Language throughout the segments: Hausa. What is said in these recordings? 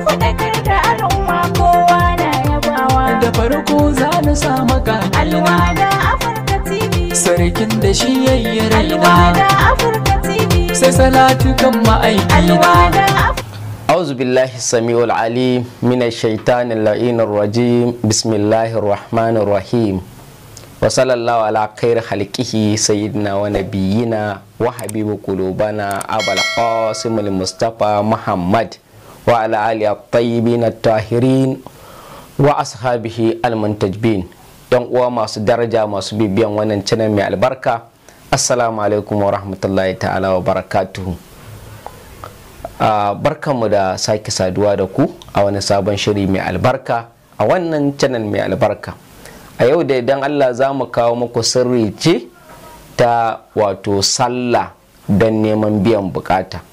faɗakar da al'umma kowa na yabawa da farko za ni sa maka da afirka tv sarkin da shi yayye raina da afirka tv sai salatu kan ma'aiki alwada da أعوذ بالله السميع العليم من الشيطان اللعين الرجيم بسم الله الرحمن الرحيم وعلى na الطيبين الطاهرين وأصحابه المنتجبين yan uwa masu daraja masu bibiyan wannan canan mai albarka assalamu alaikum wa rahmatullahi ta'ala wa barakatuhu ah, barkanmu da sake saduwa da ku a wani sabon shiri mai albarka a wannan canan mai albarka a yau da idan allah za mu kawo muku sirri ce ta wato sallah don neman biyan bukata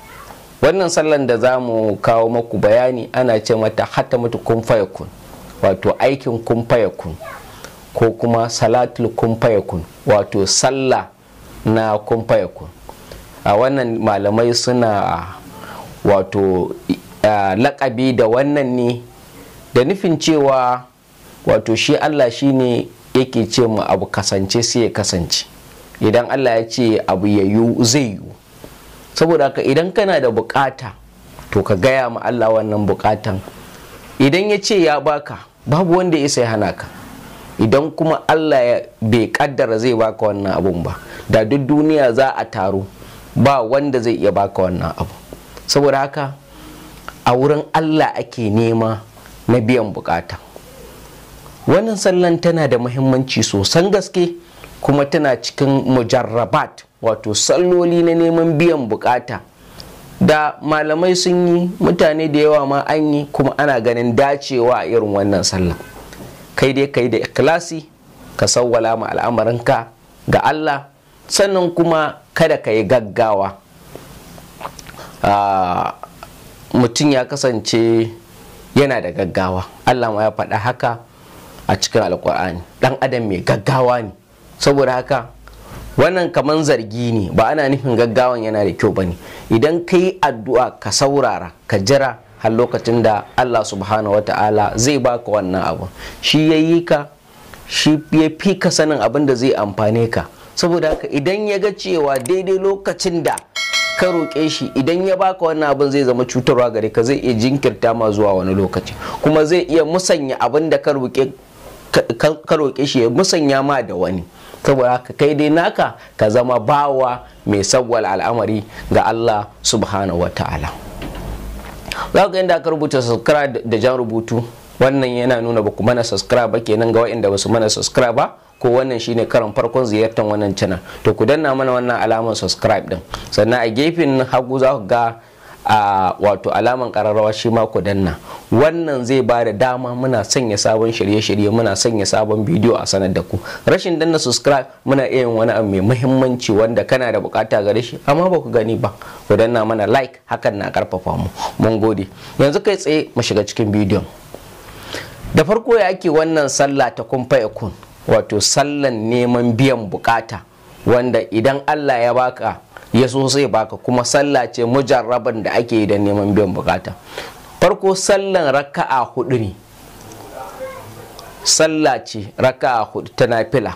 wannan sallan da za mu kawo maku bayani ana ce mata hata mutu kun fayakun wato aikin kun fayakun ko kuma salatul kun fayakun wato sallah na kun fayakun a wannan malamai suna wato lakabi da wannan ne da nufin cewa wato shi allah shi ne yake ce mu abu kasance sai ya kasance idan allah ya ce abu ya zai yiwu saboda ka idan kana da bukata to ka gaya ma Allah wannan bukatan idan ya ce ya baka babu wanda ya isa ya hana ka idan kuma Allah ya bai kaddara zai baka wannan abun ba da duk duniya za a taru ba wanda zai iya baka wannan abu saboda haka a wurin Allah ake nema na biyan bukata wannan sallan tana da muhimmanci sosan gaske kuma tana cikin mujarrabat wato salloli na neman biyan bukata da malamai sun yi mutane da yawa ma an yi kuma ana ganin dacewa a irin wannan sallah kai dai kai da ikilasi ka sawwala ma al'amarinka ga Allah sannan kuma kada ka yi gaggawa ah, mutum ya kasance yana da gaggawa Allah ma ya faɗa haka a cikin alkur'ani ɗan adam mai gaggawa ne saboda haka wannan kamar zargi ne ba ana nufin gaggawan yana da kyau ba ne idan ka yi addu'a ka saurara ka jira har lokacin da Allah subhanahu wa ta'ala zai baka wannan abu shi ya yi ka shi ya fi ka sanin abin da zai amfane ka saboda haka idan ya ga cewa daidai lokacin da ka roƙe shi idan ya baka wannan abin zai zama cutarwa gare ka zai iya jinkirta ma zuwa wani lokaci kuma zai iya musanya abin da ka roƙe shi ya musanya ma da wani saboda haka kai dai naka ka zama bawa mai sabuwar al'amari ga Allah subhanahu wata'ala za ka yadda aka rubuta subscribe da jan rubutu wannan yana nuna ba ku mana subscribe ba kenan ga waɗanda ba su mana subscribe ba ko wannan shine karan farkon ziyartar wannan channel to ku danna mana wannan alamar subscribe din sannan a gefen hagu za ku ga a wato alaman kararrawa shi ma ku danna wannan zai ba da dama muna sanya sabon shirye-shirye muna sanya sabon bidiyo a sanar da ku rashin danna subscribe muna iya yin wani abu mai muhimmanci wanda kana da bukata gare shi amma ba ku gani ba ku danna mana like hakan na karfafa mu mun gode yanzu kai tsaye mu shiga cikin bidiyon da farko ya ake wannan sallah ta kun kun wato sallan neman biyan bukata wanda idan Allah ya baka ya so sai baka kuma sallah ce mujarraban da ake yi don neman biyan bukata farko sallan raka'a hudu ne salla ce raka'a hudu ta nafila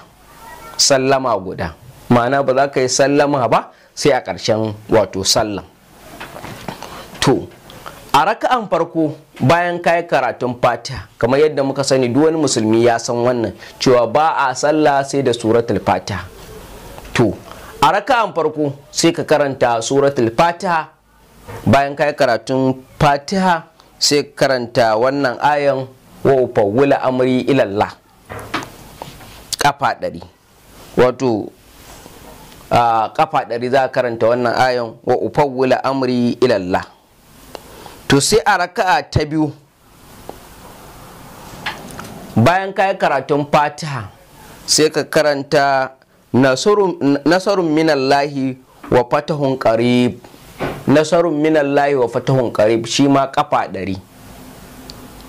sallama guda ma'ana ba za ka yi sallama ba sai a ƙarshen wato sallan to a raka'an farko bayan kayi karatun fatiha kamar yadda muka sani duk wani musulmi ya san wannan cewa ba a sallah sai da suratul fatiha to a raka'an farko sai ka karanta suratul fatiha bayan kayi karatun fatiha sai karanta wannan ayan wa fawwila amri ilallah kafa ɗari wato a kafa ɗari za karanta wannan ayan wa ufawwila amri ilallah to sai a raka'a ta biyu bayan ka yi karatun fatiha sai ka karanta nasarun minallahi wa fatahun qarib nasarun minallahi wa fatahun karib shi ma kafa ɗari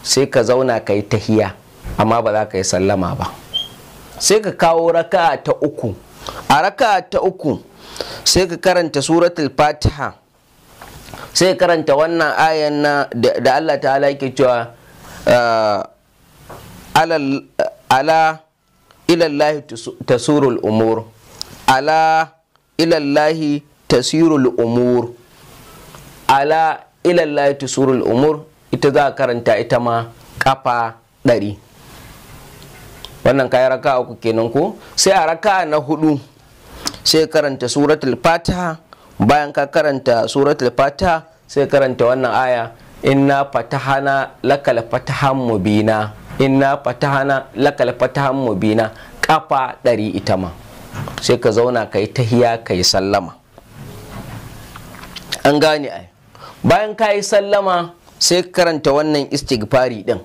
sai ka zauna ka yi tahiya amma ba za ka yi sallama ba sai ka kawo raka ta uku a raka ta uku sai ka karanta suratul fatiha sai ka karanta wannan ayan na da Allah ta yake cewa ah, ala ilallahi umur ala tasirul umur ala ilallahi surul umur ita za a karanta ita ma kafa ɗari wannan kayan raka uku kenan ko sai a raka na hudu sai karanta suratul fatiha bayan ka karanta suratul fatiha sai karanta wannan aya inna fatahana lakal fatahan mubina inna fatahana lakal fatahan mubina kafa ɗari ita ma sai ka zauna ka yi tahiya ka yi sallama an gane ai bayan ka yi sallama sai karanta wannan istighfari din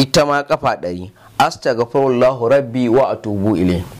ita ma kafa ɗari astaghfirullahu rabbi wa atubu ilayhi